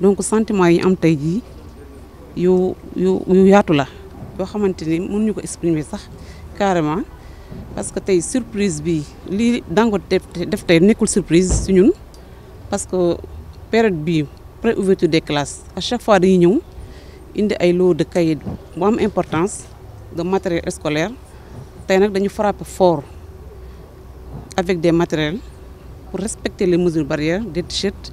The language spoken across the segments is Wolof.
donc sentiment yi am tay ji yu yu yu yaatu la yoo xamante ko exprimer sax carrément parce que une surprise bi li Dangote def surprise pour ñun parce que période bi, pré ouverture des classes à chaque fois dañuy ñëw indi ay lot de cahier bu am importance de matériel scolaire tay nak dañu frappé fort avec des matériels pour respecter les mesures barrières des t-shirts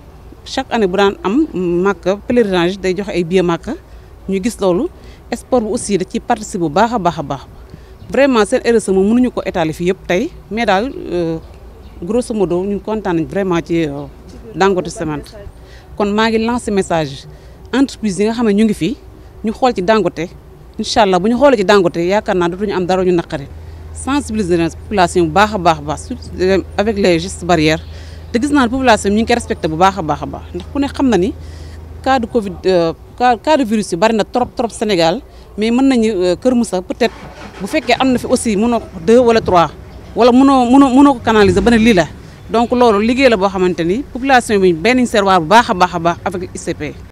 chaque année bouran am màkk pèlerinage day jox ay billets ñu gis lolu sport aussi de ci vraiment e étaler mais euh, grosso modo ñun contane vraiment ci euh, Dangote semaine. kon ma ngi message entreprise yi nga xamné ñu ngi fi ñu ci bu ñu ci am ñu sensibiliser population avec les gestes barrières te gis naa population ñu ngi koy respecté bu baax a baax a baax ndax ku ne xam na ni cas de Covid euh, cas de virus yi bari na trop trop Sénégal mais mën nañu euh, Kër Moussa peut-être bu fekkee am na fi aussi mënoo ko deux wala trois wala mënoo mënoo mënoo ko canaliser ba ne lii la donc loolu liggéey la boo xamante ni population bi benn ñu servoir bu baax a baax a baax avec ICP.